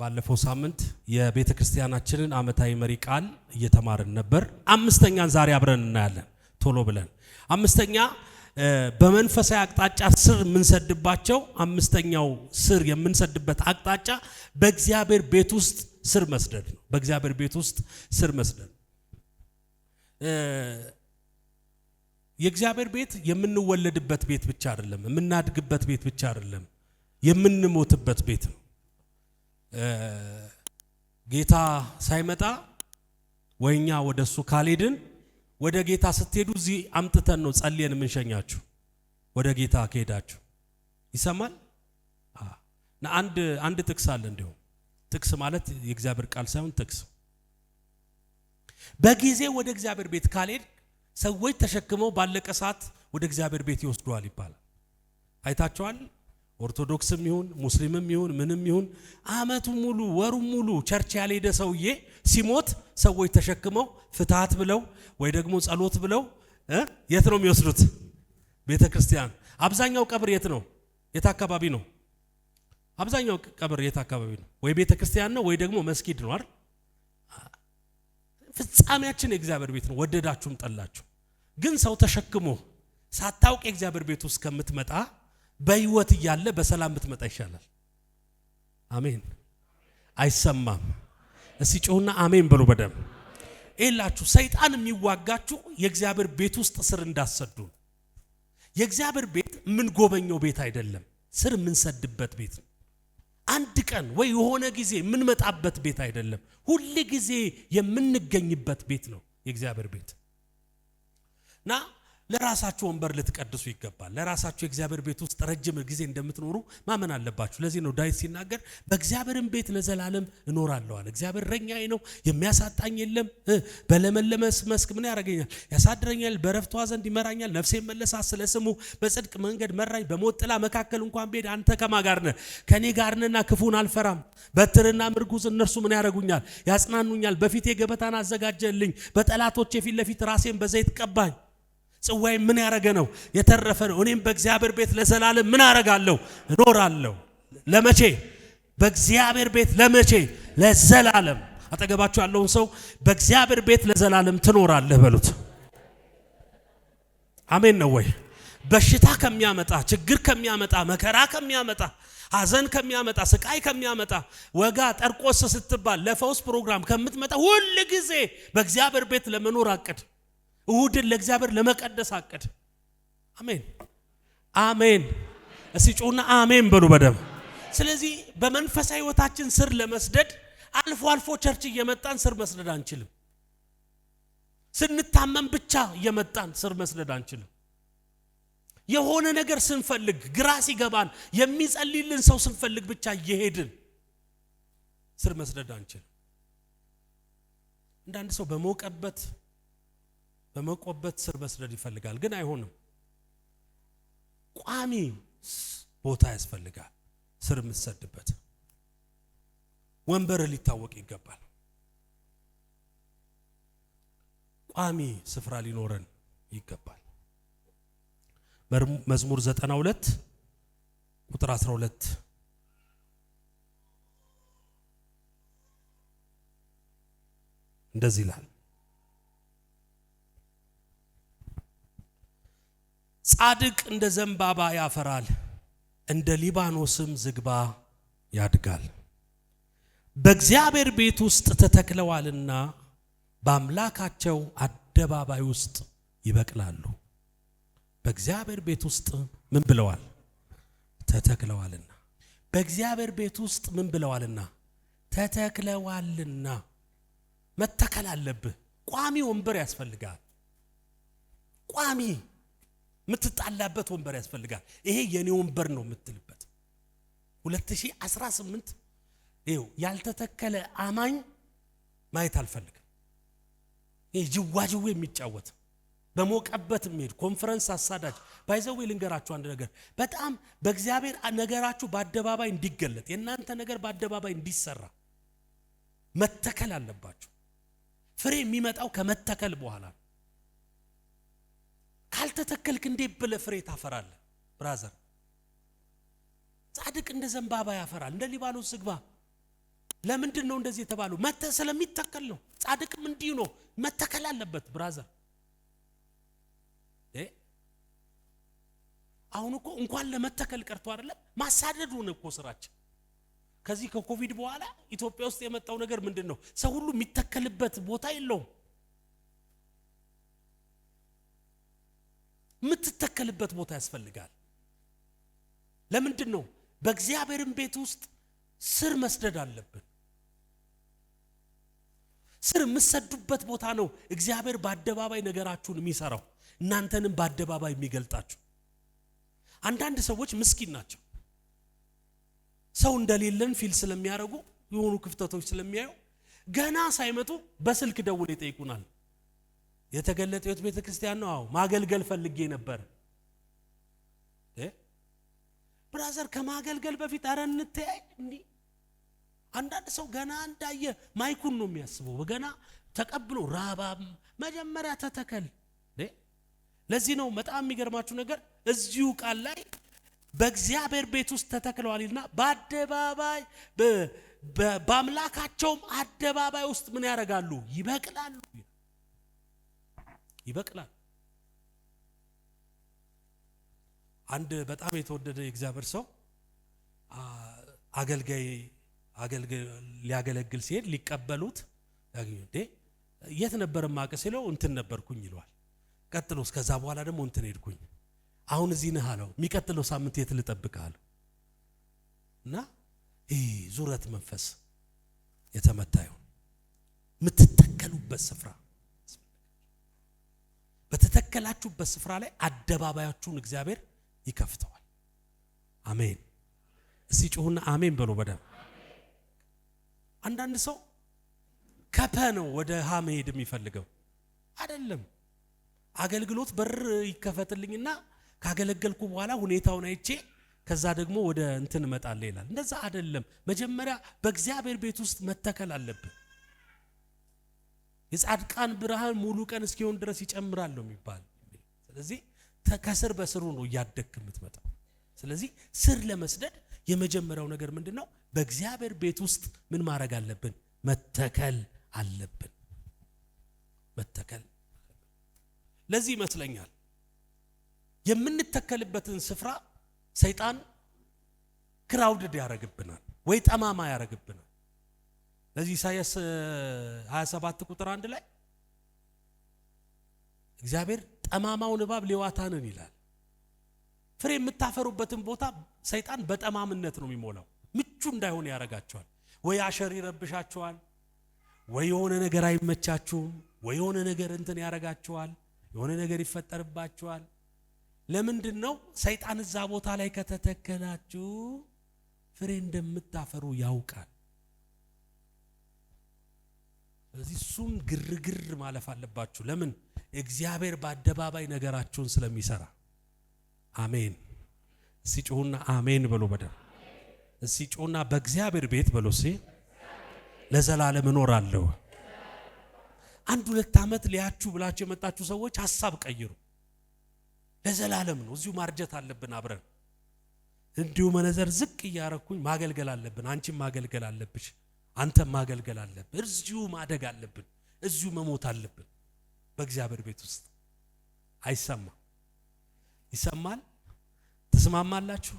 ባለፈው ሳምንት የቤተ ክርስቲያናችንን ዓመታዊ መሪ ቃል እየተማርን ነበር። አምስተኛን ዛሬ አብረን እናያለን። ቶሎ ብለን አምስተኛ በመንፈሳዊ አቅጣጫ ስር የምንሰድባቸው አምስተኛው ስር የምንሰድበት አቅጣጫ በእግዚአብሔር ቤት ውስጥ ስር መስደድ ነው። በእግዚአብሔር ቤት ውስጥ ስር መስደድ የእግዚአብሔር ቤት የምንወለድበት ቤት ብቻ አይደለም፣ የምናድግበት ቤት ብቻ አይደለም፣ የምንሞትበት ቤት ነው። ጌታ ሳይመጣ ወይኛ ወደ እሱ ካልሄድን ወደ ጌታ ስትሄዱ እዚህ አምጥተን ነው ጸልየን የምንሸኛችሁ። ወደ ጌታ ከሄዳችሁ ይሰማል። አንድ አንድ ጥቅስ አለ። እንዲሁም ጥቅስ ማለት የእግዚአብሔር ቃል ሳይሆን ጥቅስ በጊዜ ወደ እግዚአብሔር ቤት ካልሄድ ሰዎች ተሸክመው ባለቀ ሰዓት ወደ እግዚአብሔር ቤት ይወስደዋል ይባላል። አይታችኋል። ኦርቶዶክስም ይሁን ሙስሊምም ይሁን ምንም ይሁን አመቱ ሙሉ ወሩ ሙሉ ቸርች ያልሄደ ሰውዬ ሲሞት ሰዎች ተሸክመው ፍትሐት ብለው ወይ ደግሞ ጸሎት ብለው የት ነው የሚወስዱት? ቤተ ክርስቲያን። አብዛኛው ቀብር የት ነው? የት አካባቢ ነው? አብዛኛው ቀብር የት አካባቢ ነው? ወይ ቤተ ክርስቲያን ነው ወይ ደግሞ መስጊድ ነው አይደል? ፍጻሜያችን የእግዚአብሔር ቤት ነው። ወደዳችሁም ጠላችሁ፣ ግን ሰው ተሸክሞ ሳታውቅ የእግዚአብሔር ቤት ውስጥ ከምትመጣ በህይወት እያለ በሰላም ብትመጣ ይሻላል። አሜን። አይሰማም። እስቲ ጮሁና አሜን በሉ በደም ይላችሁ። ሰይጣን የሚዋጋችሁ የእግዚአብሔር ቤት ውስጥ ስር እንዳሰዱ የእግዚአብሔር ቤት የምንጎበኘው ቤት አይደለም፣ ስር የምንሰድበት ቤት ነው። አንድ ቀን ወይ የሆነ ጊዜ የምንመጣበት ቤት አይደለም፣ ሁል ጊዜ የምንገኝበት ቤት ነው የእግዚአብሔር ቤት እና ለራሳችሁ ወንበር ልትቀድሱ ይገባል። ለራሳችሁ የእግዚአብሔር ቤት ውስጥ ረጅም ጊዜ እንደምትኖሩ ማመን አለባችሁ። ለዚህ ነው ዳዊት ሲናገር በእግዚአብሔርም ቤት ለዘላለም እኖራለሁ አለ። እግዚአብሔር እረኛዬ ነው፣ የሚያሳጣኝ የለም። በለመለመ መስክ ምን ያደርገኛል? ያሳድረኛል፣ በዕረፍቷ ዘንድ ይመራኛል። ነፍሴ መለሳ ስለ ስሙ፣ በጽድቅ መንገድ መራኝ። በሞት ጥላ መካከል እንኳን ብሄድ አንተ ከማ ጋር ነህ፣ ከእኔ ጋር ነህና ክፉን አልፈራም። በትርና ምርጉዝ እነርሱ ምን ያደርጉኛል? ያጽናኑኛል። በፊቴ ገበታን አዘጋጀልኝ፣ በጠላቶቼ ፊት ለፊት ራሴን በዘይት ቀባኝ። ጽዋይ ምን ያደረገ ነው? የተረፈ ነው። እኔም በእግዚአብሔር ቤት ለዘላለም ምን አረጋለሁ? እኖራለሁ። ለመቼ? በእግዚአብሔር ቤት ለመቼ? ለዘላለም። አጠገባችሁ ያለውን ሰው በእግዚአብሔር ቤት ለዘላለም ትኖራለህ በሉት። አሜን ነው ወይ? በሽታ ከሚያመጣ ችግር ከሚያመጣ መከራ ከሚያመጣ ሐዘን ከሚያመጣ ስቃይ ከሚያመጣ ወጋ ጠርቆስ ስትባል ለፈውስ ፕሮግራም ከምትመጣ ሁል ጊዜ በእግዚአብሔር ቤት ለመኖር አቅድ። እሁድን ለእግዚአብሔር ለመቀደስ አቀደ። አሜን አሜን። እስቲ ጩና አሜን በሉ በደም ስለዚህ በመንፈሳዊ ህይወታችን ስር ለመስደድ አልፎ አልፎ ቸርች እየመጣን ስር መስደድ አንችልም። ስንታመም ብቻ እየመጣን ስር መስደድ አንችልም። የሆነ ነገር ስንፈልግ ግራ ሲገባን የሚጸልይልን ሰው ስንፈልግ ብቻ እየሄድን ስር መስደድ አንችልም። እንዳንድ ሰው በሞቀበት በመቆበት ስር መስደድ ይፈልጋል፣ ግን አይሆንም። ቋሚ ቦታ ያስፈልጋል። ስር የምትሰድበት ወንበር ሊታወቅ ይገባል። ቋሚ ስፍራ ሊኖረን ይገባል። መዝሙር 92 ቁጥር 12 እንደዚህ ይላል። ጻድቅ እንደ ዘንባባ ያፈራል፣ እንደ ሊባኖስም ዝግባ ያድጋል። በእግዚአብሔር ቤት ውስጥ ተተክለዋልና በአምላካቸው አደባባይ ውስጥ ይበቅላሉ። በእግዚአብሔር ቤት ውስጥ ምን ብለዋል? ተተክለዋልና። በእግዚአብሔር ቤት ውስጥ ምን ብለዋልና? ተተክለዋልና። መተከል አለብህ። ቋሚ ወንበር ያስፈልጋል። ቋሚ የምትጣላበት ወንበር ያስፈልጋል። ይሄ የኔ ወንበር ነው የምትልበት 2018 ይኸው ያልተተከለ አማኝ ማየት አልፈልግም። ይሄ ጅዋጅዌ የሚጫወት በሞቀበት የሚሄድ ኮንፈረንስ አሳዳጅ ባይዘዌ ልንገራችሁ አንድ ነገር በጣም በእግዚአብሔር ነገራችሁ በአደባባይ እንዲገለጥ የእናንተ ነገር በአደባባይ እንዲሰራ መተከል አለባችሁ። ፍሬ የሚመጣው ከመተከል በኋላ ካልተተከልክ እንዴት ብለህ ፍሬ ታፈራለህ? ብራዘር ጻድቅ እንደ ዘንባባ ያፈራል፣ እንደ ሊባኖስ ዝግባ። ለምንድን ነው እንደዚህ የተባለው? መተ ስለሚተከል ነው። ጻድቅም እንዲሁ ነው፣ መተከል አለበት። ብራዘር አሁን እኮ እንኳን ለመተከል ቀርቶ አይደለም ማሳደድ ሆነ እኮ ስራችን። ከዚህ ከኮቪድ በኋላ ኢትዮጵያ ውስጥ የመጣው ነገር ምንድን ነው? ሰው ሁሉ የሚተከልበት ቦታ የለውም። የምትተከልበት ቦታ ያስፈልጋል። ለምንድን ነው? በእግዚአብሔርን ቤት ውስጥ ስር መስደድ አለብን። ስር የምትሰዱበት ቦታ ነው። እግዚአብሔር በአደባባይ ነገራችሁን የሚሰራው እናንተንም በአደባባይ የሚገልጣችሁ። አንዳንድ ሰዎች ምስኪን ናቸው። ሰው እንደሌለን ፊል ስለሚያደርጉ የሆኑ ክፍተቶች ስለሚያዩ ገና ሳይመጡ በስልክ ደውል ይጠይቁናል። የተገለጠ ቤተ ክርስቲያን ነው። አዎ ማገልገል ፈልጌ ነበር። ብራዘር ከማገልገል በፊት አረ እንተያይ። እንዲህ አንዳንድ ሰው ገና እንዳየ ማይኩን ነው የሚያስበው። ገና ተቀብሎ ራባ መጀመሪያ ተተከል። ለዚህ ነው በጣም የሚገርማችሁ ነገር እዚሁ ቃል ላይ በእግዚአብሔር ቤት ውስጥ ይልና በአደባባይ በአምላካቸውም አደባባይ ውስጥ ምን ያደርጋሉ? ይበቅላሉ። ይበቅላል። አንድ በጣም የተወደደ የእግዚአብሔር ሰው አገልጋይ ሊያገለግል ሲሄድ ሊቀበሉት እንዴ የት ነበር ማቀ ሲለው እንትን ነበርኩኝ ይለዋል። ቀጥሎስ ከዛ በኋላ ደግሞ እንትን ሄድኩኝ አሁን እዚህ ነህ አለው። የሚቀጥለው ሳምንት የት ልጠብቅህ እና ይህ ዙረት መንፈስ የተመታየው የምትተከሉበት ስፍራ በተተከላችሁበት ስፍራ ላይ አደባባያችሁን እግዚአብሔር ይከፍተዋል። አሜን። እስቲ ጩሁና አሜን በሉ በደም አንዳንድ ሰው ከፐ ነው ወደ ሀ መሄድ የሚፈልገው አይደለም። አገልግሎት በር ይከፈትልኝና ካገለገልኩ በኋላ ሁኔታውን አይቼ ከዛ ደግሞ ወደ እንትን እመጣለሁ ይላል። እንደዛ አይደለም። መጀመሪያ በእግዚአብሔር ቤት ውስጥ መተከል አለብን። የጻድቃን ብርሃን ሙሉ ቀን እስኪሆን ድረስ ይጨምራል ነው የሚባል። ስለዚህ ከስር በስሩ ነው እያደግክ የምትመጣው። ስለዚህ ስር ለመስደድ የመጀመሪያው ነገር ምንድን ነው? በእግዚአብሔር ቤት ውስጥ ምን ማድረግ አለብን? መተከል አለብን። መተከል ለዚህ ይመስለኛል የምንተከልበትን ስፍራ ሰይጣን ክራውድድ ያደርግብናል ወይ ጠማማ ያደርግብናል። ለዚህ ኢሳያስ 27 ቁጥር አንድ ላይ እግዚአብሔር ጠማማውን እባብ ሌዋታንን ይላል። ፍሬ የምታፈሩበትን ቦታ ሰይጣን በጠማምነት ነው የሚሞላው። ምቹ እንዳይሆን ያደርጋቸዋል። ወይ አሸር ይረብሻቸዋል፣ ወይ የሆነ ነገር አይመቻችሁም፣ ወይ የሆነ ነገር እንትን ያደርጋቸዋል፣ የሆነ ነገር ይፈጠርባቸዋል። ለምንድን ነው ሰይጣን እዛ ቦታ ላይ ከተተከላችሁ ፍሬ እንደምታፈሩ ያውቃል። እዚህ እሱን ግርግር ማለፍ አለባችሁ። ለምን? እግዚአብሔር በአደባባይ ነገራችሁን ስለሚሰራ። አሜን። እስቲ አሜን በሎ። በደም እስቲ በእግዚአብሔር ቤት በሎ። ሲ ለዘላለም እኖራለሁ። አንድ ሁለት ዓመት ሊያችሁ ብላችሁ የመጣችሁ ሰዎች ሀሳብ ቀይሩ። ለዘላለም ነው። እዚሁ ማርጀት አለብን አብረን። እንዲሁ መነዘር ዝቅ እያረኩኝ ማገልገል አለብን። አንቺም ማገልገል አለብሽ። አንተ ማገልገል አለብን። እዚሁ ማደግ አለብን። እዚሁ መሞት አለብን። በእግዚአብሔር ቤት ውስጥ አይሰማ ይሰማል። ትስማማላችሁ?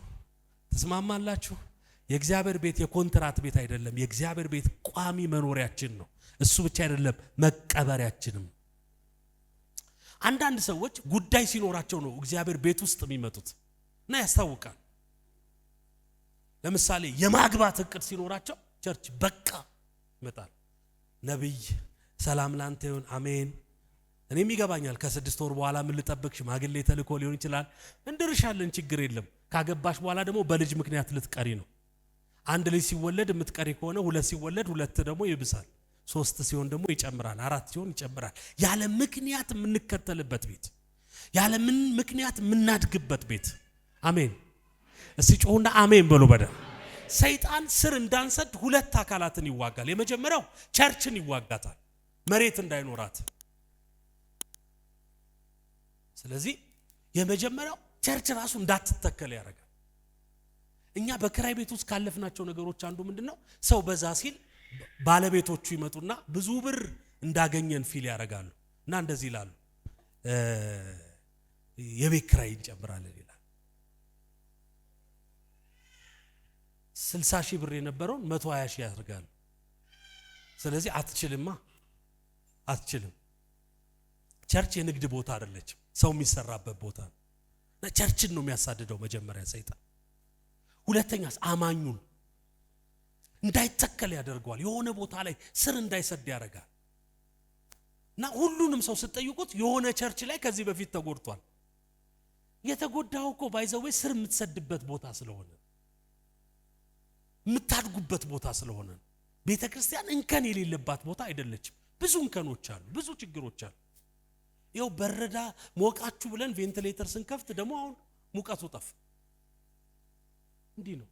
ትስማማላችሁ? የእግዚአብሔር ቤት የኮንትራት ቤት አይደለም። የእግዚአብሔር ቤት ቋሚ መኖሪያችን ነው። እሱ ብቻ አይደለም መቀበሪያችንም። አንዳንድ ሰዎች ጉዳይ ሲኖራቸው ነው እግዚአብሔር ቤት ውስጥ የሚመጡት እና ያስታውቃል። ለምሳሌ የማግባት እቅድ ሲኖራቸው ቸርች በቃ ይመጣል። ነቢይ ሰላም ላንተ ይሁን አሜን። እኔም ይገባኛል። ከስድስት ወር በኋላ ምን ልጠብቅ? ሽማግሌ ተልኮ ሊሆን ይችላል። እንድርሻለን፣ ችግር የለም። ካገባሽ በኋላ ደግሞ በልጅ ምክንያት ልትቀሪ ነው። አንድ ልጅ ሲወለድ የምትቀሪ ከሆነ ሁለት ሲወለድ ሁለት ደግሞ ይብሳል። ሶስት ሲሆን ደግሞ ይጨምራል። አራት ሲሆን ይጨምራል። ያለ ምክንያት የምንከተልበት ቤት፣ ያለ ምክንያት የምናድግበት ቤት። አሜን። እስቲ ጮሁና አሜን በሉ በደም ሰይጣን ስር እንዳንሰድ ሁለት አካላትን ይዋጋል። የመጀመሪያው ቸርችን ይዋጋታል፣ መሬት እንዳይኖራት። ስለዚህ የመጀመሪያው ቸርች ራሱ እንዳትተከል ያደርጋል። እኛ በክራይ ቤት ውስጥ ካለፍናቸው ነገሮች አንዱ ምንድን ነው? ሰው በዛ ሲል ባለቤቶቹ ይመጡና ብዙ ብር እንዳገኘን ፊል ያደርጋሉ እና እንደዚህ ይላሉ፣ የቤት ክራይ እንጨምራለን 60 ሺህ ብር የነበረውን 120 ሺህ ያደርጋሉ። ስለዚህ አትችልማ፣ አትችልም። ቸርች የንግድ ቦታ አይደለችም፣ ሰው የሚሰራበት ቦታ ነው። እና ቸርችን ነው የሚያሳድደው መጀመሪያ ሰይጣን። ሁለተኛ አማኙን እንዳይተከል ያደርገዋል። የሆነ ቦታ ላይ ስር እንዳይሰድ ያደርጋል። እና ሁሉንም ሰው ስትጠይቁት የሆነ ቸርች ላይ ከዚህ በፊት ተጎድቷል። የተጎዳው እኮ ባይዘዌ ስር የምትሰድበት ቦታ ስለሆነ የምታድጉበት ቦታ ስለሆነ ቤተ ክርስቲያን እንከን የሌለባት ቦታ አይደለችም። ብዙ እንከኖች አሉ፣ ብዙ ችግሮች አሉ። ይኸው በረዳ ሞቃችሁ ብለን ቬንትሌተር ስንከፍት ደግሞ አሁን ሙቀቱ ጠፍ እንዲህ ነው።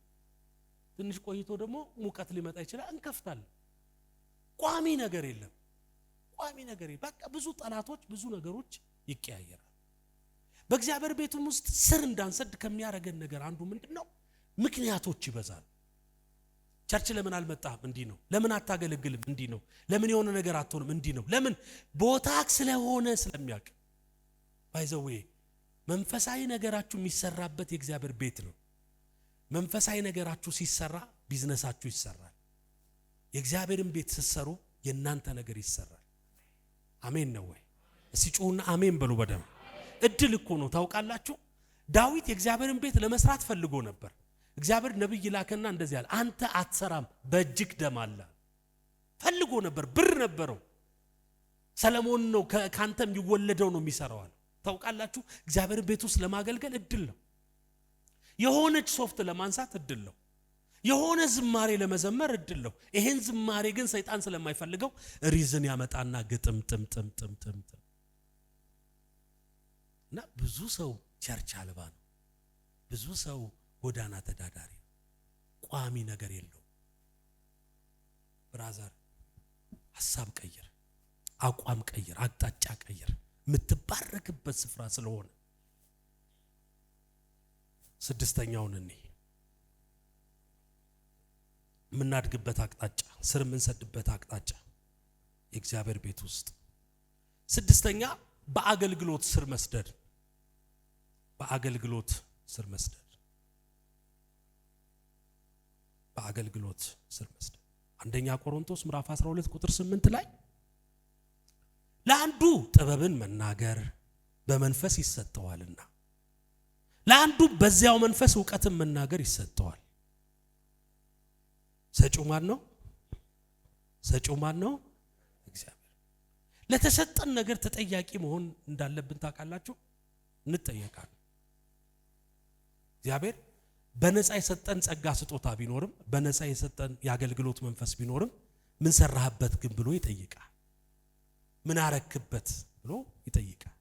ትንሽ ቆይቶ ደግሞ ሙቀት ሊመጣ ይችላል፣ እንከፍታለን። ቋሚ ነገር የለም፣ ቋሚ ነገር በቃ ብዙ ጠላቶች፣ ብዙ ነገሮች ይቀያየራል። በእግዚአብሔር ቤትም ውስጥ ስር እንዳንሰድ ከሚያደርገን ነገር አንዱ ምንድን ነው? ምክንያቶች ይበዛል። ቸርች ለምን አልመጣህም? እንዲህ ነው። ለምን አታገለግልም? እንዲህ ነው። ለምን የሆነ ነገር አትሆንም? እንዲህ ነው። ለምን ቦታክ ስለሆነ ስለሚያውቅ ባይዘዌ መንፈሳዊ ነገራችሁ የሚሰራበት የእግዚአብሔር ቤት ነው። መንፈሳዊ ነገራችሁ ሲሰራ ቢዝነሳችሁ ይሰራል። የእግዚአብሔርን ቤት ስትሰሩ የእናንተ ነገር ይሰራል። አሜን ነው ወይ? እስቲ ጩሁና አሜን በሉ። በደም እድል እኮ ነው ታውቃላችሁ። ዳዊት የእግዚአብሔርን ቤት ለመስራት ፈልጎ ነበር። እግዚአብሔር ነብይ ላከና እንደዚህ አለ፣ አንተ አትሰራም፣ በእጅግ ደም አለ። ፈልጎ ነበር፣ ብር ነበረው። ሰለሞን ነው ከአንተ የሚወለደው ነው የሚሰራዋል። ታውቃላችሁ፣ እግዚአብሔር ቤት ውስጥ ለማገልገል እድል ነው። የሆነች ሶፍት ለማንሳት እድል ነው። የሆነ ዝማሬ ለመዘመር እድል ነው። ይሄን ዝማሬ ግን ሰይጣን ስለማይፈልገው ሪዝን ያመጣና ግጥም ጥም ጥም ጥም ጥም እና ብዙ ሰው ቸርች አልባ ነው። ብዙ ሰው ጎዳና ተዳዳሪ ነው። ቋሚ ነገር የለው። ብራዘር ሀሳብ ቀይር፣ አቋም ቀይር፣ አቅጣጫ ቀይር። የምትባረክበት ስፍራ ስለሆነ ስድስተኛውን እኔ የምናድግበት አቅጣጫ ስር የምንሰድበት አቅጣጫ የእግዚአብሔር ቤት ውስጥ ስድስተኛ በአገልግሎት ስር መስደድ በአገልግሎት ስር መስደድ በአገልግሎት ስር መስደድ። አንደኛ ቆሮንቶስ ምዕራፍ 12 ቁጥር 8 ላይ ለአንዱ ጥበብን መናገር በመንፈስ ይሰጠዋልና፣ ለአንዱ በዚያው መንፈስ እውቀትን መናገር ይሰጠዋል። ሰጪው ማን ነው? ሰጪው ማን ነው? እግዚአብሔር። ለተሰጠን ነገር ተጠያቂ መሆን እንዳለብን ታውቃላችሁ። እንጠየቃለን። እግዚአብሔር በነፃ የሰጠን ጸጋ ስጦታ ቢኖርም በነፃ የሰጠን የአገልግሎት መንፈስ ቢኖርም ምን ሰራህበት ግን ብሎ ይጠይቃል። ምን አረክበት ብሎ ይጠይቃል።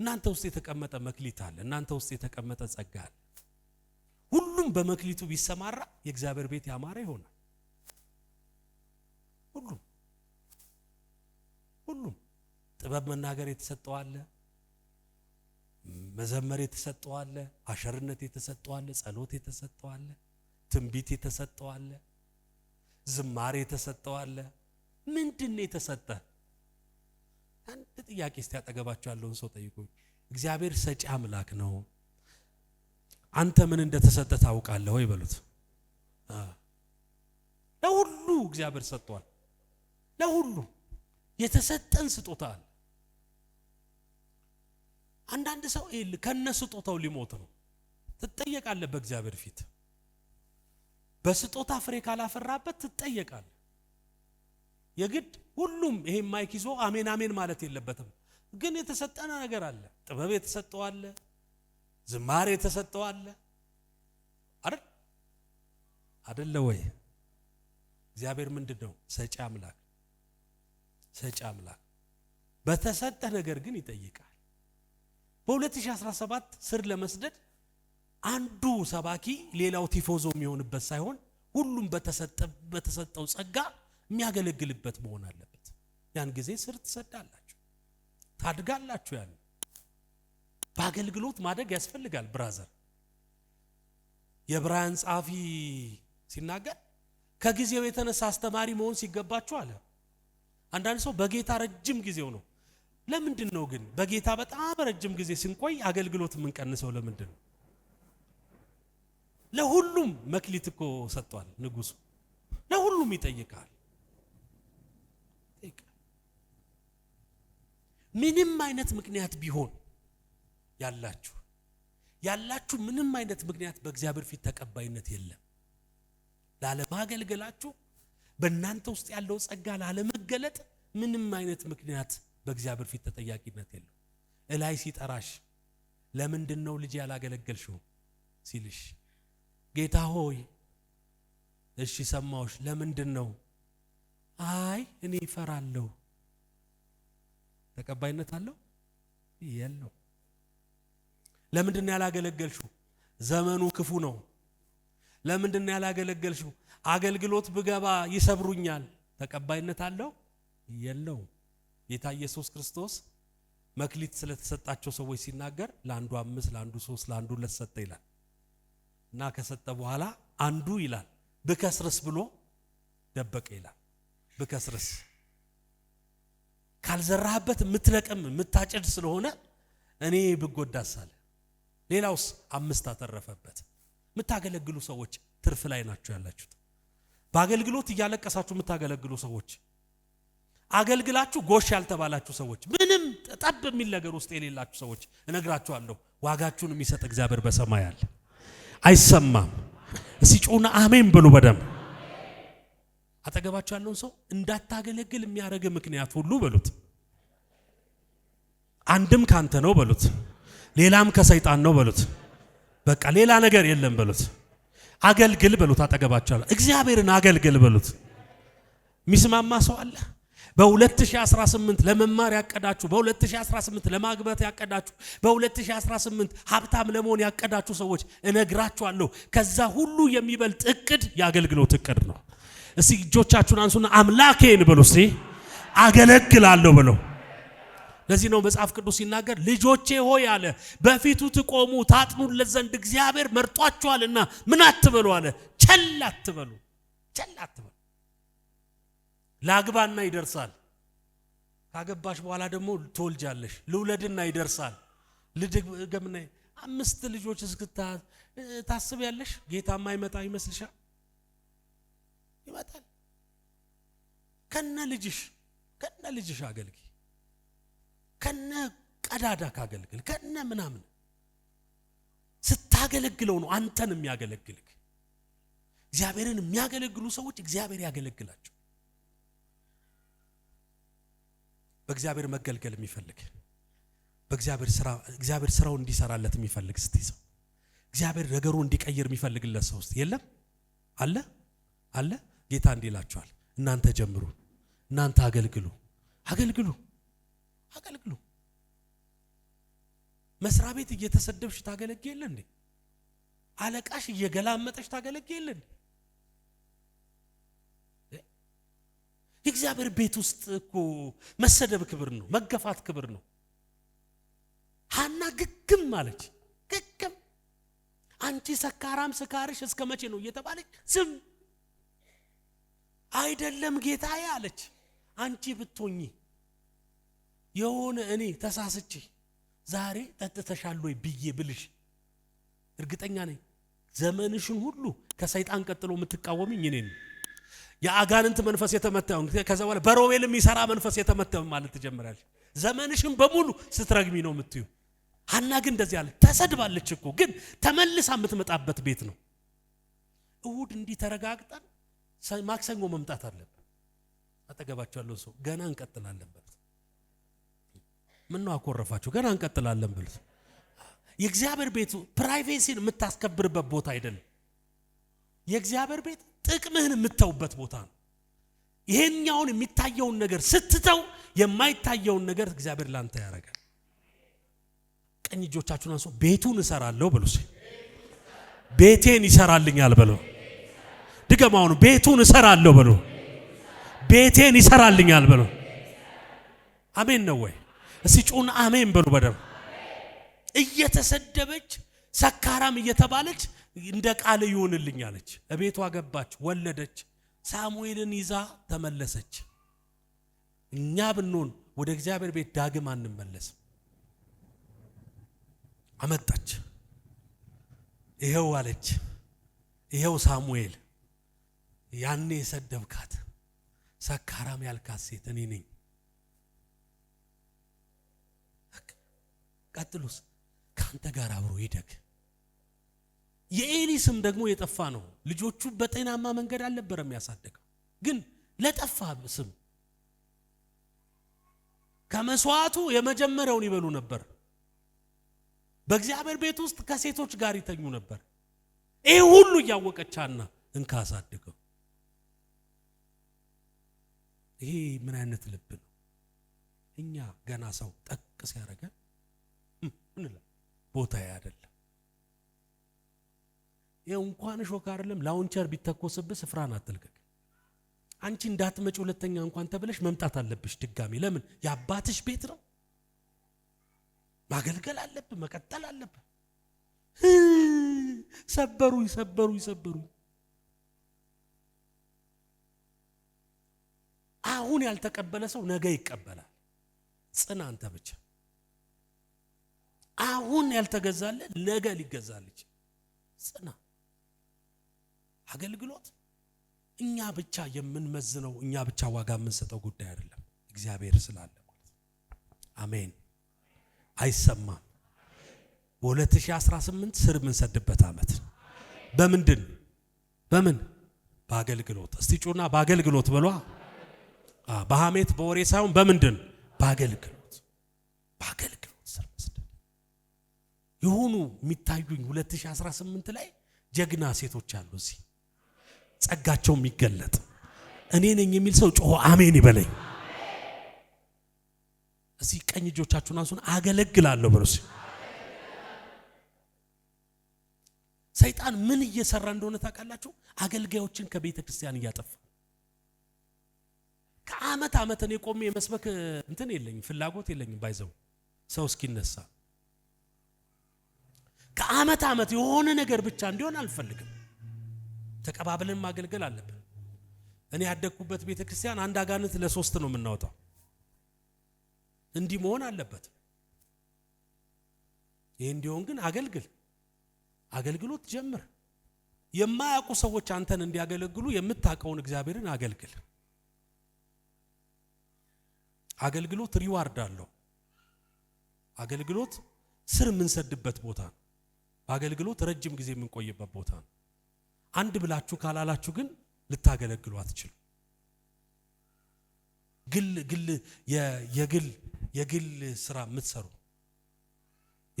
እናንተ ውስጥ የተቀመጠ መክሊት አለ። እናንተ ውስጥ የተቀመጠ ጸጋ አለ። ሁሉም በመክሊቱ ቢሰማራ የእግዚአብሔር ቤት ያማረ ይሆናል። ሁሉም ሁሉም ጥበብ መናገር የተሰጠው አለ መዘመር የተሰጠዋለ፣ አሸርነት የተሰጠዋለ፣ ጸሎት የተሰጠዋለ፣ ትንቢት የተሰጠዋለ፣ አለ፣ ዝማሬ የተሰጠው ምንድን የተሰጠ? አንድ ጥያቄ እስቲ ያጠገባቸው ያለውን ሰው ጠይቁ። እግዚአብሔር ሰጪ አምላክ ነው። አንተ ምን እንደተሰጠ ታውቃለህ ወይ በሉት። ለሁሉ እግዚአብሔር ሰጥቷል። ለሁሉ የተሰጠን ስጦታ አለ። አንዳንድ ሰው ይል ከነስጦታው ሊሞት ነው። ትጠየቃለ በእግዚአብሔር ፊት። በስጦታ ፍሬ ካላፈራበት ትጠየቃለ የግድ ሁሉም ይሄ ማይክ ይዞ አሜን አሜን ማለት የለበትም። ግን የተሰጠነ ነገር አለ። ጥበብ የተሰጠው አለ፣ ዝማሬ የተሰጠው አለ። አይደል አይደለ ወይ? እግዚአብሔር ምንድን ነው? ሰጪ አምላክ፣ ሰጪ አምላክ። በተሰጠ ነገር ግን ይጠይቃል። በ2017 ስር ለመስደድ አንዱ ሰባኪ ሌላው ቲፎዞ የሚሆንበት ሳይሆን ሁሉም በተሰጠው ጸጋ የሚያገለግልበት መሆን አለበት። ያን ጊዜ ስር ትሰዳላችሁ፣ ታድጋላችሁ። ያን በአገልግሎት ማደግ ያስፈልጋል። ብራዘር የብራያን ጸሐፊ ሲናገር ከጊዜው የተነሳ አስተማሪ መሆን ሲገባችሁ አለ። አንዳንድ ሰው በጌታ ረጅም ጊዜው ነው ለምንድን ነው ግን በጌታ በጣም ረጅም ጊዜ ስንቆይ አገልግሎት የምንቀንሰው? ለምንድን ነው? ለሁሉም መክሊት እኮ ሰጥቷል ንጉሱ። ለሁሉም ይጠይቃል። ምንም አይነት ምክንያት ቢሆን ያላችሁ ያላችሁ ምንም አይነት ምክንያት በእግዚአብሔር ፊት ተቀባይነት የለም። ላለማገልገላችሁ በእናንተ ውስጥ ያለው ጸጋ ላለመገለጥ ምንም አይነት ምክንያት በእግዚአብሔር ፊት ተጠያቂነት የለው። እላይ ሲጠራሽ ለምንድን ነው ልጅ ያላገለገልሽው ሲልሽ ጌታ ሆይ እሺ ሰማውሽ፣ ለምንድን ነው? አይ እኔ ይፈራለሁ። ተቀባይነት አለው የለው? ለምንድን ነው ያላገለገልሽው? ዘመኑ ክፉ ነው። ለምንድን ነው ያላገለገልሽው? አገልግሎት ብገባ ይሰብሩኛል። ተቀባይነት አለው የለው? ጌታ ኢየሱስ ክርስቶስ መክሊት ስለተሰጣቸው ሰዎች ሲናገር ለአንዱ አምስት፣ ለአንዱ ሶስት፣ ለአንዱ ሁለት ሰጠ ይላል እና ከሰጠ በኋላ አንዱ ይላል ብከስርስ ብሎ ደበቀ ይላል። ብከስርስ ካልዘራህበት የምትለቅም የምታጭድ ስለሆነ እኔ ብጎዳስ አለ። ሌላውስ አምስት አተረፈበት። የምታገለግሉ ሰዎች ትርፍ ላይ ናቸው ያላችሁት። በአገልግሎት እያለቀሳችሁ የምታገለግሉ ሰዎች አገልግላችሁ ጎሽ ያልተባላችሁ ሰዎች፣ ምንም ጠብ የሚል ነገር ውስጥ የሌላችሁ ሰዎች እነግራችኋለሁ፣ ዋጋችሁን የሚሰጥ እግዚአብሔር በሰማይ አለ። አይሰማም። እስቲ ጩና አሜን ብሉ። በደም አጠገባችሁ ያለውን ሰው እንዳታገለግል የሚያደርግ ምክንያት ሁሉ በሉት፣ አንድም ካንተ ነው በሉት፣ ሌላም ከሰይጣን ነው በሉት፣ በቃ ሌላ ነገር የለም በሉት። አገልግል በሉት። አጠገባችሁ ያለው እግዚአብሔርን አገልግል በሉት። የሚስማማ ሰው አለ በ2018 ለመማር ያቀዳችሁ፣ በ2018 ለማግባት ያቀዳችሁ፣ በ2018 ሀብታም ለመሆን ያቀዳችሁ ሰዎች እነግራችኋለሁ ከዛ ሁሉ የሚበልጥ እቅድ የአገልግሎት እቅድ ነው። እስቲ እጆቻችሁን አንሱና አምላኬን ብሎ እስቲ አገለግላለሁ ብሎ ለዚህ ነው መጽሐፍ ቅዱስ ሲናገር ልጆቼ ሆይ አለ በፊቱ ትቆሙ ታጥኑለት ዘንድ እግዚአብሔር መርጧችኋልና ምን አትበሉ አለ ቸል አትበሉ ቸል አትበሉ ላግባና ይደርሳል። ካገባሽ በኋላ ደግሞ ትወልጃለሽ። ልውለድና ይደርሳል። ልድገምና አምስት ልጆች እስክታ ታስብ ያለሽ ጌታ ማይመጣ ይመስልሻ? ይመጣል። ከነ ልጅሽ ከነ ልጅሽ አገልግል፣ ከነ ቀዳዳ ካገልግል፣ ከነ ምናምን ስታገለግለው ነው አንተን የሚያገለግልክ። እግዚአብሔርን የሚያገለግሉ ሰዎች እግዚአብሔር ያገለግላቸው። በእግዚአብሔር መገልገል የሚፈልግ በእግዚአብሔር ስራ እግዚአብሔር ስራው እንዲሰራለት የሚፈልግ ስቲ ሰው እግዚአብሔር ነገሩ እንዲቀይር የሚፈልግለት ሰው ውስጥ የለም አለ አለ። ጌታ እንዲህ እናንተ ጀምሩ፣ እናንተ አገልግሉ፣ አገልግሉ፣ አገልግሉ። መስሪያ ቤት እየተሰደብሽ ታገለግ የለ እንዴ? አለቃሽ እየገላመጠሽ ታገለግ የለ እንዴ? የእግዚአብሔር ቤት ውስጥ እኮ መሰደብ ክብር ነው፣ መገፋት ክብር ነው። ሀና ግግም አለች። ግግም አንቺ ሰካራም ስካርሽ እስከ መቼ ነው እየተባለች ዝም አይደለም ጌታዬ አለች። አንቺ ብትሆኚ የሆነ እኔ ተሳስቼ ዛሬ ጠጥተሻል ወይ ብዬ ብልሽ እርግጠኛ ነኝ ዘመንሽን ሁሉ ከሰይጣን ቀጥሎ የምትቃወሚኝ እኔ ነው። የአጋንንት መንፈስ የተመታው ከዛ በኋላ በሮቤል የሚሰራ መንፈስ የተመታው ማለት ትጀምራለች። ዘመንሽም በሙሉ ስትረግሚ ነው የምትዩ። ሀና ግን እንደዚህ አለ። ተሰድባለች እኮ ግን ተመልሳ የምትመጣበት ቤት ነው። እሁድ እንዲህ ተረጋግጠን ማክሰኞ መምጣት አለብን። አጠገባቸው ያለው ሰው ገና እንቀጥላለን በሉት። ነው አኮረፋቸው? ገና እንቀጥላለን በሉት። የእግዚአብሔር ቤቱ ፕራይቬሲን የምታስከብርበት ቦታ አይደለም። የእግዚአብሔር ቤት ጥቅምህን የምተውበት ቦታ ነው። ይሄኛውን የሚታየውን ነገር ስትተው የማይታየውን ነገር እግዚአብሔር ላንተ ያደርጋል። ቀኝ እጆቻችሁን አንሶ ቤቱን እሰራለሁ በሉ። ቤቴን ይሰራልኛል በሉ። ድገማውን ቤቱን እሰራለሁ በሉ። ቤቴን ይሰራልኛል በሉ። አሜን ነው ወይ? እስቲ ጩን አሜን በሉ። በደም እየተሰደበች ሰካራም እየተባለች እንደ ቃል ይሁንልኝ አለች። እቤቷ ገባች፣ ወለደች። ሳሙኤልን ይዛ ተመለሰች። እኛ ብንሆን ወደ እግዚአብሔር ቤት ዳግም አንመለስም። አመጣች፣ ይኸው አለች፣ ይኸው ሳሙኤል፣ ያኔ የሰደብካት ሰካራም ያልካት ሴት እኔ ነኝ። ቀጥሎስ ከአንተ ጋር አብሮ ይደግ የኤሊ ስም ደግሞ የጠፋ ነው። ልጆቹ በጤናማ መንገድ አልነበረም ያሳደገው፣ ግን ለጠፋ ስም ከመስዋዕቱ የመጀመሪያውን ይበሉ ነበር። በእግዚአብሔር ቤት ውስጥ ከሴቶች ጋር ይተኙ ነበር። ይህ ሁሉ እያወቀቻና ሐና እንካ አሳድገው። ይሄ ምን አይነት ልብ ነው? እኛ ገና ሰው ጠቅ ሲያደርገን ምንላ ቦታ አይደለም ይኸው እንኳን እሾክ አይደለም ላውንቸር ቢተኮስብህ ስፍራን አትልቀቅ። አንቺ እንዳትመጪ ሁለተኛ እንኳን ተብለሽ መምጣት አለብሽ ድጋሚ። ለምን የአባትሽ ቤት ነው፣ ማገልገል አለብህ፣ መቀጠል አለብህ። ሰበሩ ሰበሩ ሰበሩ አሁን ያልተቀበለ ሰው ነገ ይቀበላል። ጽና አንተ ብቻ። አሁን ያልተገዛለ ነገ ሊገዛልች ጽና። አገልግሎት እኛ ብቻ የምንመዝነው እኛ ብቻ ዋጋ የምንሰጠው ጉዳይ አይደለም። እግዚአብሔር ስላለ አሜን። አይሰማም። በ2018 ስር የምንሰድበት ዓመት በምንድን በምን በአገልግሎት እስቲ ጩና በአገልግሎት ብሏ? በሐሜት በወሬ ሳይሆን በምንድን በአገልግሎት በአገልግሎት ስር መስደድ የሆኑ የሚታዩኝ 2018 ላይ ጀግና ሴቶች አሉ እዚህ ጸጋቸው የሚገለጥ እኔ ነኝ የሚል ሰው ጮሆ አሜን ይበለኝ። እዚህ ቀኝ እጆቻችሁን አንሱን። አገለግላለሁ በሩስ ሰይጣን ምን እየሰራ እንደሆነ ታውቃላችሁ? አገልጋዮችን ከቤተ ክርስቲያን እያጠፋ ከአመት አመት እኔ ቆሜ የመስበክ እንትን የለኝም ፍላጎት የለኝም። ባይዘው ሰው እስኪነሳ ከአመት አመት የሆነ ነገር ብቻ እንዲሆን አልፈልግም። ተቀባብለን ማገልገል አለብን። እኔ ያደግኩበት ቤተ ክርስቲያን አንድ አጋንንት ለሶስት ነው የምናወጣው። እንዲህ መሆን አለበት። ይህ እንዲሆን ግን አገልግል፣ አገልግሎት ጀምር። የማያውቁ ሰዎች አንተን እንዲያገለግሉ የምታውቀውን እግዚአብሔርን አገልግል። አገልግሎት ሪዋርድ አለው። አገልግሎት ስር የምንሰድበት ቦታ ነው። በአገልግሎት ረጅም ጊዜ የምንቆይበት ቦታ ነው። አንድ ብላችሁ ካላላችሁ ግን ልታገለግሉ አትችሉ። ግል ግል የግል የግል ስራ የምትሰሩ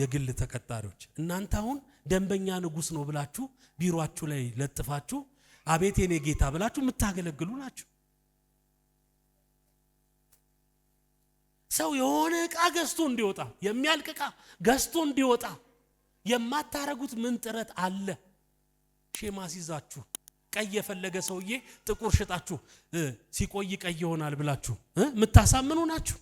የግል ተቀጣሪዎች እናንተ አሁን ደንበኛ ንጉስ ነው ብላችሁ ቢሮችሁ ላይ ለጥፋችሁ አቤት የኔ ጌታ ብላችሁ የምታገለግሉ ናችሁ። ሰው የሆነ እቃ ገዝቶ እንዲወጣ የሚያልቅ እቃ ገዝቶ እንዲወጣ የማታረጉት ምን ጥረት አለ? ሼማ ሲዛችሁ ቀይ የፈለገ ሰውዬ ጥቁር ሽጣችሁ ሲቆይ ቀይ ይሆናል ብላችሁ የምታሳምኑ ናችሁ።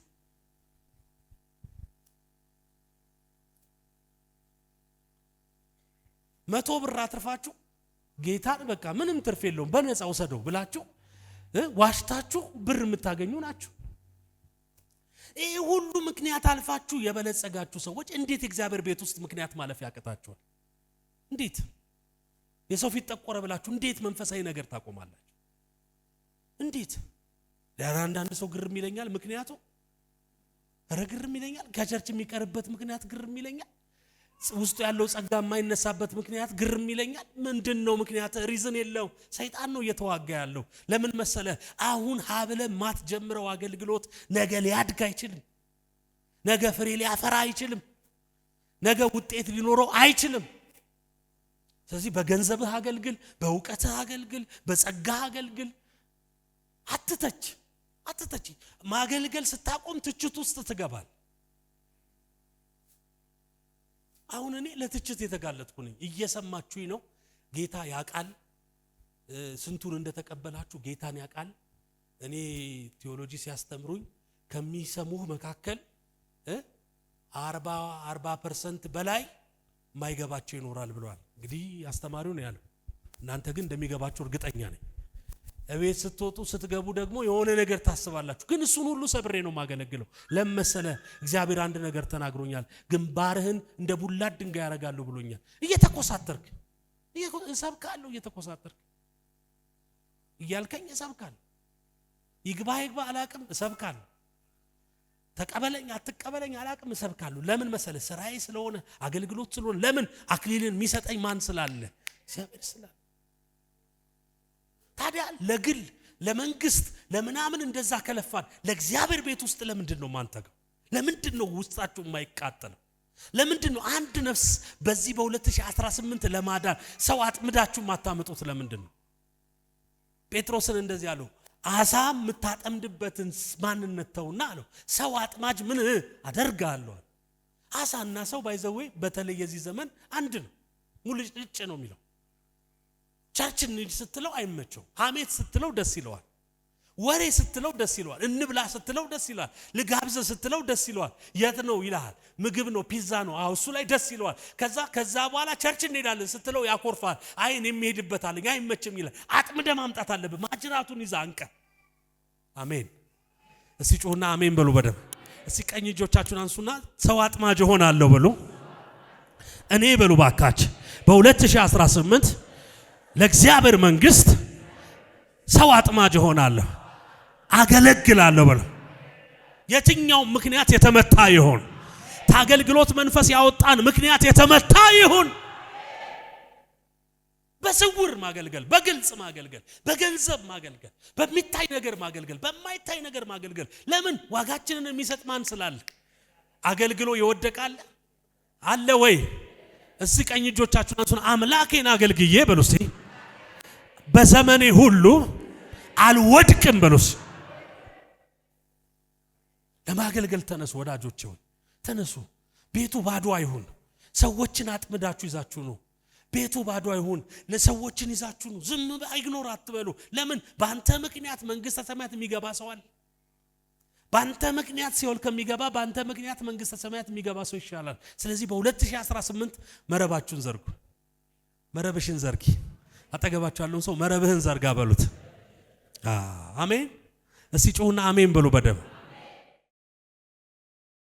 መቶ ብር አትርፋችሁ ጌታን በቃ ምንም ትርፍ የለውም በነፃ ውሰደው ብላችሁ ዋሽታችሁ ብር የምታገኙ ናችሁ። ይህ ሁሉ ምክንያት አልፋችሁ የበለጸጋችሁ ሰዎች እንዴት እግዚአብሔር ቤት ውስጥ ምክንያት ማለፍ ያቅታችኋል? እንዴት የሰው ፊት ጠቆረ ብላችሁ እንዴት መንፈሳዊ ነገር ታቆማላችሁ? እንዴት ዳራ አንዳንድ ሰው ግርም ይለኛል። ምክንያቱ ረ ግርም ይለኛል። ከቸርች የሚቀርበት ምክንያት ግርም ይለኛል። ውስጡ ያለው ጸጋ የማይነሳበት ምክንያት ግርም ይለኛል። ምንድን ነው ምክንያት? ሪዝን የለው። ሰይጣን ነው እየተዋጋ ያለው። ለምን መሰለ? አሁን ሀብለ ማትጀምረው አገልግሎት ነገ ሊያድግ አይችልም። ነገ ፍሬ ሊያፈራ አይችልም። ነገ ውጤት ሊኖረው አይችልም። ስለዚህ በገንዘብህ አገልግል፣ በእውቀትህ አገልግል፣ በጸጋህ አገልግል። አትተች አትተች። ማገልገል ስታቆም ትችት ውስጥ ትገባል። አሁን እኔ ለትችት የተጋለጥኩ ነኝ። እየሰማችሁኝ ነው። ጌታ ያውቃል። ስንቱን እንደተቀበላችሁ ጌታን ያውቃል። እኔ ቴዎሎጂ ሲያስተምሩኝ ከሚሰሙህ መካከል አርባ ፐርሰንት በላይ ማይገባቸው ይኖራል ብሏል። እንግዲህ አስተማሪው ነው ያለው። እናንተ ግን እንደሚገባችሁ እርግጠኛ ነኝ። እቤት ስትወጡ ስትገቡ ደግሞ የሆነ ነገር ታስባላችሁ። ግን እሱን ሁሉ ሰብሬ ነው የማገለግለው። ለመሰለ እግዚአብሔር አንድ ነገር ተናግሮኛል። ግንባርህን እንደ ቡላት ድንጋይ ያደርጋለሁ ብሎኛል። እየተኮሳተርክ እሰብካለሁ፣ እየተኮሳተርክ እያልከኝ እሰብካለሁ። ይግባ ይግባ አላቅም፣ እሰብካለሁ ተቀበለኝ አትቀበለኝ አላቅም፣ እሰብካለሁ። ለምን መሰለ ስራዬ ስለሆነ አገልግሎት ስለሆነ። ለምን አክሊልን የሚሰጠኝ ማን ስላለ? እግዚአብሔር ስላለ። ታዲያ ለግል ለመንግስት ለምናምን እንደዛ ከለፋን ለእግዚአብሔር ቤት ውስጥ ለምንድን ነው ማንተገው? ለምንድን ነው ውስጣችሁ የማይቃጠለው? ለምንድን ነው አንድ ነፍስ በዚህ በ2018 ለማዳን ሰው አጥምዳችሁ ማታመጡት? ለምንድን ነው ጴጥሮስን እንደዚህ አለው አሳ የምታጠምድበትን ማንነት ተውና አለው። ሰው አጥማጅ ምን አደርጋለሁ? እና ሰው ባይዘዌ በተለይ የዚህ ዘመን አንድ ነው። ሙልጭልጭ ነው የሚለው ቸርችን ስትለው አይመቸው፣ ሀሜት ስትለው ደስ ይለዋል። ወሬ ስትለው ደስ ይለዋል። እንብላ ስትለው ደስ ይለዋል። ልጋብዝ ስትለው ደስ ይለዋል። የት ነው ይልሃል። ምግብ ነው ፒዛ ነው፣ አዎ እሱ ላይ ደስ ይለዋል። ከዛ ከዛ በኋላ ቸርች እንሄዳለን ስትለው ያኮርፋል። አይን እኔ የምሄድበት አለኝ አይመችም ይላል። አጥምደ ማምጣት አለብህ። ማጅራቱን ይዛ አንቀ አሜን። እስቲ ጩሁና አሜን በሉ በደም እስቲ ቀኝ እጆቻችሁን አንሱና ሰው አጥማጅ እሆናለሁ በሉ እኔ በሉ ባካች በ2018 ለእግዚአብሔር መንግስት ሰው አጥማጅ እሆናለሁ። አገለግላለሁ ብለ የትኛው ምክንያት የተመታ ይሆን? ታገልግሎት መንፈስ ያወጣን ምክንያት የተመታ ይሁን። በስውር ማገልገል፣ በግልጽ ማገልገል፣ በገንዘብ ማገልገል፣ በሚታይ ነገር ማገልገል፣ በማይታይ ነገር ማገልገል። ለምን ዋጋችንን የሚሰጥ ማን ስላለ? አገልግሎ ይወደቃል አለ ወይ? እስቲ ቀኝ እጆቻችሁን አንሱን። አምላኬን አገልግዬ በሉስ፣ በዘመኔ ሁሉ አልወድቅም በሉስ ለማገልገል ተነሱ ወዳጆች፣ ይሁን ተነሱ። ቤቱ ባዶ አይሁን። ሰዎችን አጥምዳችሁ ይዛችሁ ነው። ቤቱ ባዶ አይሁን። ለሰዎችን ይዛችሁ ነው። ዝም አይግኖር አትበሉ። ለምን በአንተ ምክንያት መንግስተ ሰማያት የሚገባ አለ። በአንተ ምክንያት ሲኦል ከሚገባ በአንተ ምክንያት መንግስተ ሰማያት የሚገባ ሰው ይሻላል። ስለዚህ በ2018 መረባችሁን ዘርጉ። መረብሽን ዘርጊ። አጠገባችሁ ያለውን ሰው መረብህን ዘርጋ በሉት። አሜን። እስቲ ጩሁና አሜን በሉ በደም